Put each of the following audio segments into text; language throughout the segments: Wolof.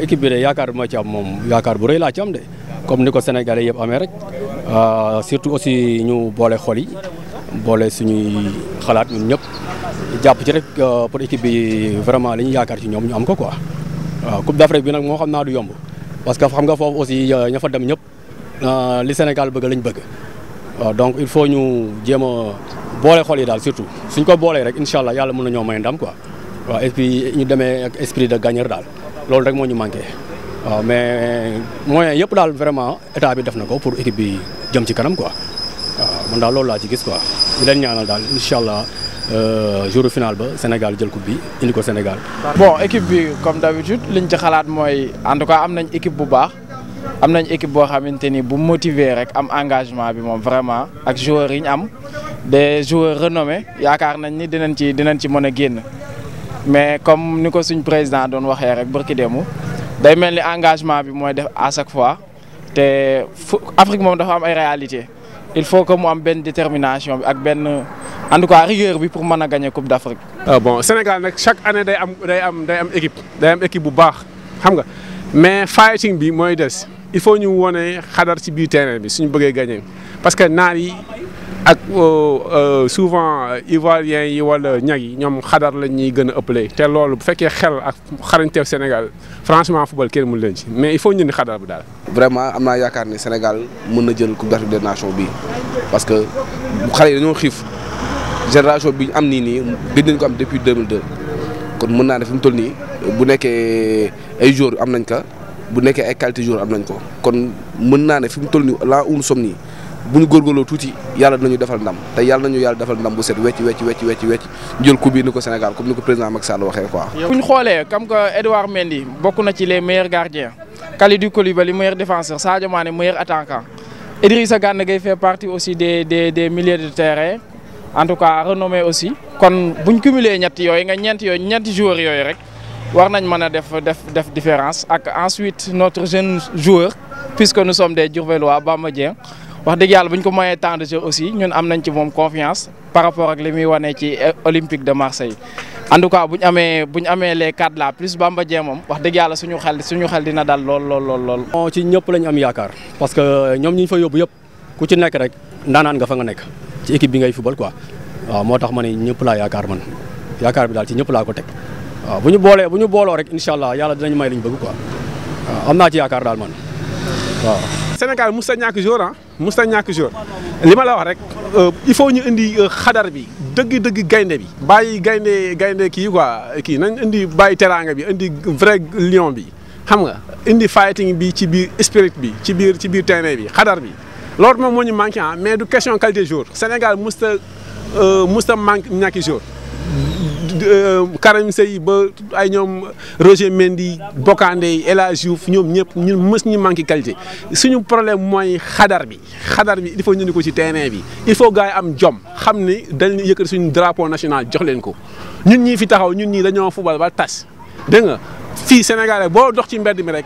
équipe bi de yaakaar bi ma ci am moom yaakaar bu rëy laa ci am de comme ni ko Sénégalais yëpp amee rek euh, surtout aussi ñu boole xol yi boole suñuy xalaat ñun ñëpp jàpp ci rek euh, pour équipe bi vraiment li ñu yaakaar ci ñoom ñu am ko quoi. waaw Coupe d'Afrique bi nag moo xam naa du yomb parce que xam nga foofu aussi euh, ña fa dem ñëpp li Sénégal bëgg lañ bëgg donc il faut ñu jéem a boole xol yi daal surtout suñ ko boolee rek incha allah yàlla mun na ñoo may ndam quoi waaw et ñu demee ak esprit de gagnant daal. loolu rek moo ñu manqué waaw mais moyen yëpp daal vraiment état bi def na ko pour équipe bi jëm ci kanam quoi waaw man daal loolu laa ci gis quoi di leen ñaanal daal incha allah euh, jour final ba Sénégal jël coupe bi indi ko Sénégal. bon équipe bi comme d'habitude liñ ci xalaat mooy en tout cas am nañ équipe bu baax am nañ équipe boo xamante ni bu motiver rek am engagement bi moom vraiment ak joueurs yi ñu am des joueurs renommés yaakaar nañ ni dinañ ci dinañ ci mën a génn. mais comme ni ko suñ président doon waxee rek barki démb day mel ni engagement bi mooy def à chaque fois te fu Afrique moom dafa am ay réalité il faut que mu am benn détermination bi ak benn en tout cas rigueur bi pour mën a gagner coupe d'Afrique. Ah bon Sénégal nag chaque année day am day am day am équipe day am équipe bu baax xam nga mais fighting bi mooy des il faut ñu wone xadar ci biir terrain bi suñ bëggee gagner parce que naar ak euh, euh, souvent euh, ivoiriens yi wala ñag yi ñoom xadar lañ ñuy gën a ëppale te loolu bu fekkee xel ak xarañteef Sénégal franchement football kenn mënu leen ci mais il faut ñu ni xadar bi daal. vraiment am naa yaakaar ni Sénégal mën na jël coupe d'Afrique des nations bi parce que xale yi dañoo xiif génération bi ñu am nii nii gëj nañ ko am depuis 2002 kon mën naa ne fi mu toll nii bu nekkee ay joueurs am nañ ko bu nekkee ay qualité am nañ ko kon mën naa ne fi mu toll nii là où nous nii. bu ñu góorgóorloo tuuti yàlla dinañu defal ndam te yàlla ñu yàlla defal ndam bu set wecc wecc wecc wecc wecc jël coupe bi ko Sénégal comme ni ko président Macky Sall waxee quoi. bu ñu xoolee comme que Edouard Mendy bokk na ci les meilleurs gardiens Kalidou Koulibaly meilleur défenseur Sadio Mané meilleur attaquant Idrissa Gana Gueye fait partie aussi des des des de terrain en tout cas renommé aussi kon bu ñu cumulé ñett yooyu nga ñeent yooyu ñeenti joueurs yooyu rek war nañ mën a def def def différence ak ensuite notre jeune joueur puisque nous sommes des Diourbellois Bamba Dieng wax dëgg yàlla bu ñu ko mayee temps de jeu aussi ñun am nañ ci moom confiance par rapport ak li muy wane ci Olympique de Marseille en tout cas bu ñu amee bu ñu amee plus Bamba Dieng moom wax dëgg yàlla suñu xel dina dal lool lool lool ci ñëpp lañ am yaakaar parce que ñoom ñi fa yóbbu yëpp ku ci nekk rek ndaanaan nga fa nga nekk ci équipe bi ngay football quoi moo tax ma ne ñëpp laa yaakaar man yaakaar bi daal ci ñëpp laa ko teg waaw ñu boolee bu ñu booloo rek incha allah yàlla dinañ may li ñu bëgg quoi waaw am naa ci a musta ñàkk jour li ma la wax rek euh, il faut ñu indi euh, xadar bi dëgg dëgg gaynde bi bàyyi gaynde gaynde kii quoi kii nañ indi bàyyi teraanga bi indi vrai lion bi xam nga indi fighting bi ci biir spirit bi ci biir ci biir terrain bi xadar bi loolu moom moo ñu manqué ah mais du question qualité jour Sénégal musta euh, musta manqué ñàkki jour Euh, Karim Seye ba ay ñoom Roger Mendy Bokandé El Hadj Diouf ñoom ñëpp ñun mës ñu manqué qualité suñu problème mooy xadar bi xadar bi il faut ñu ni ko ci terrain bi il faut gars yi am jom xam ni dañu yëkkati suñu drapeau national jox leen ko ñun ñii fi taxaw ñun ñii dañoo fubal ba tas dégg nga fii Sénégalais boo dox ci mbedd mi rek.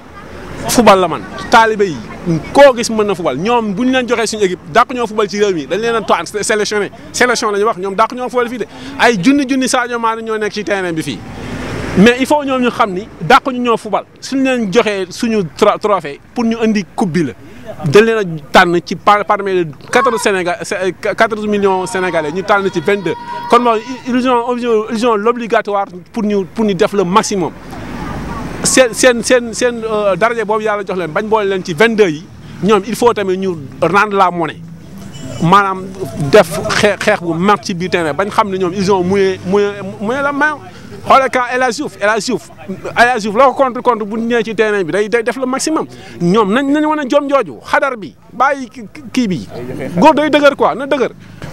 fubal la man taalibe yi koo gis mën na fubal ñoom bu ñu leen joxee suñu équipe dàq ñoo fubal ci réew mi dañ a toan sélectionné sélection la ñuy wax ñoom dàq ñoo fubal fii de ay junni junni Sadio Mané ñoo nekk ci terrain bi fii mais il faut ñoom ñu xam ni dàq ñu ñoo fubal suñu leen joxee suñu trophée pour ñu indi coupe bi la dañ leen a tànn ci par parmi quatorze Sénégal euh, quatorze millions sénégalais ñu tànn ci vingt deux kon moom ils ont ils ont l'obligatoire pour ñu pour ñu def le maximum seen seen seen seen euh, daraja boobu yàlla jox leen bañ boole leen ci 22 yi ñoom il faut tamit ñu rendre la monnaie maanaam def xee xeex bu mag ci biir terrain bañ xam ne ñoom ils ont mouillé mouillé mouillé la main xoolee quand El Hadj Diouf El Hadj Diouf El Hadj Diouf ko contre contre bu ñëwee ci terrain bi day day def le maximum ñoom nañ nañ wan a jom jooju xadar bi bàyyi kii bi góor day dëgër quoi na dëgër.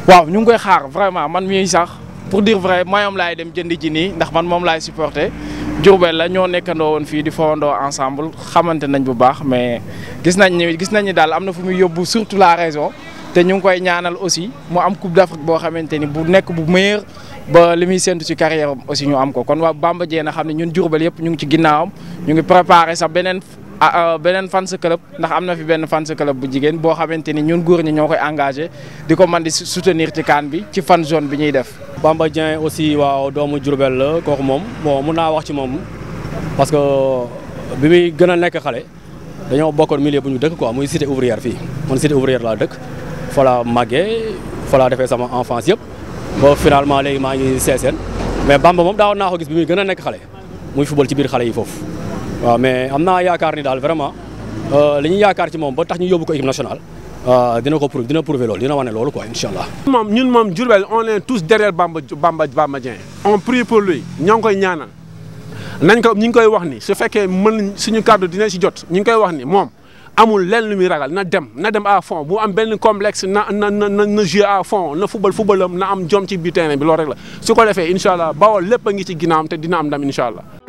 waaw ñu ngi koy xaar vraiment man mii sax pour dire vrai mayom laay dem jënd ji nii ndax man moom laay supporter. Diourbel la ñoo nekkandoo woon fii di fowandoo ensemble xamante nañ bu baax mais gis nañ ni gis nañ ni daal am na fu mu yóbbu surtout la raison te ñu ngi koy ñaanal aussi mu am Coupe d'Afrique boo xamante ni bu nekk bu meilleur ba li muy séntu ci carrière aussi ñu am ko kon waa Bamba Dieng na xam ne ñun Diourbel yëpp ñu ngi ci ginnaawam ñu ngi préparé sax beneen ah euh, beneen fans club ndax am na fi benn fans club bu jigéen boo xamante ni ñun góor ñi ñoo koy engagé di ko man di soutenir ci kaan bi ci fan zone bi ñuy def. Bamba Dieng aussi waaw doomu Diourbel la kooku moom bon mun naa wax ci moom parce que bi muy gën a nekk xale dañoo bokkoon milieu bu ñu dëkk quoi muy cité ouvrière fii man cité ouvrière laa dëkk fa laa màggee laa defee sama enfance yëpp boo finalement léegi maa ngi seeseen mais Bamba moom daawoon naa ko gis bi muy gën a nekk xale muy football ci biir xale yi foofu. waaw mais am naa yaakaar ni daal vraiment euh, li ñu yaakaar ci moom boo tax ñu yóbbu ko équipe national euh, dina ko prouver dina prouver loolu dina wane loolu quoi incha allah. moom ñun moom Diourbel on est tous derrière Bamba Bamba Bamba Dieng. on pour lui ñoo ngi koy ñaanal nañ ko ñu ngi koy wax ni su fekkee mën suñu kàddu dina si jot ñu ngi koy wax ni moom. amul lenn lu muy ragal na dem na dem à fond bu am benn complexe na na na na jouer à fond na football footballam na am jom ci biir bi loolu rek su ko defee incha allah bawol lépp ngi ci ginnaawam te dina am ndam incha allah.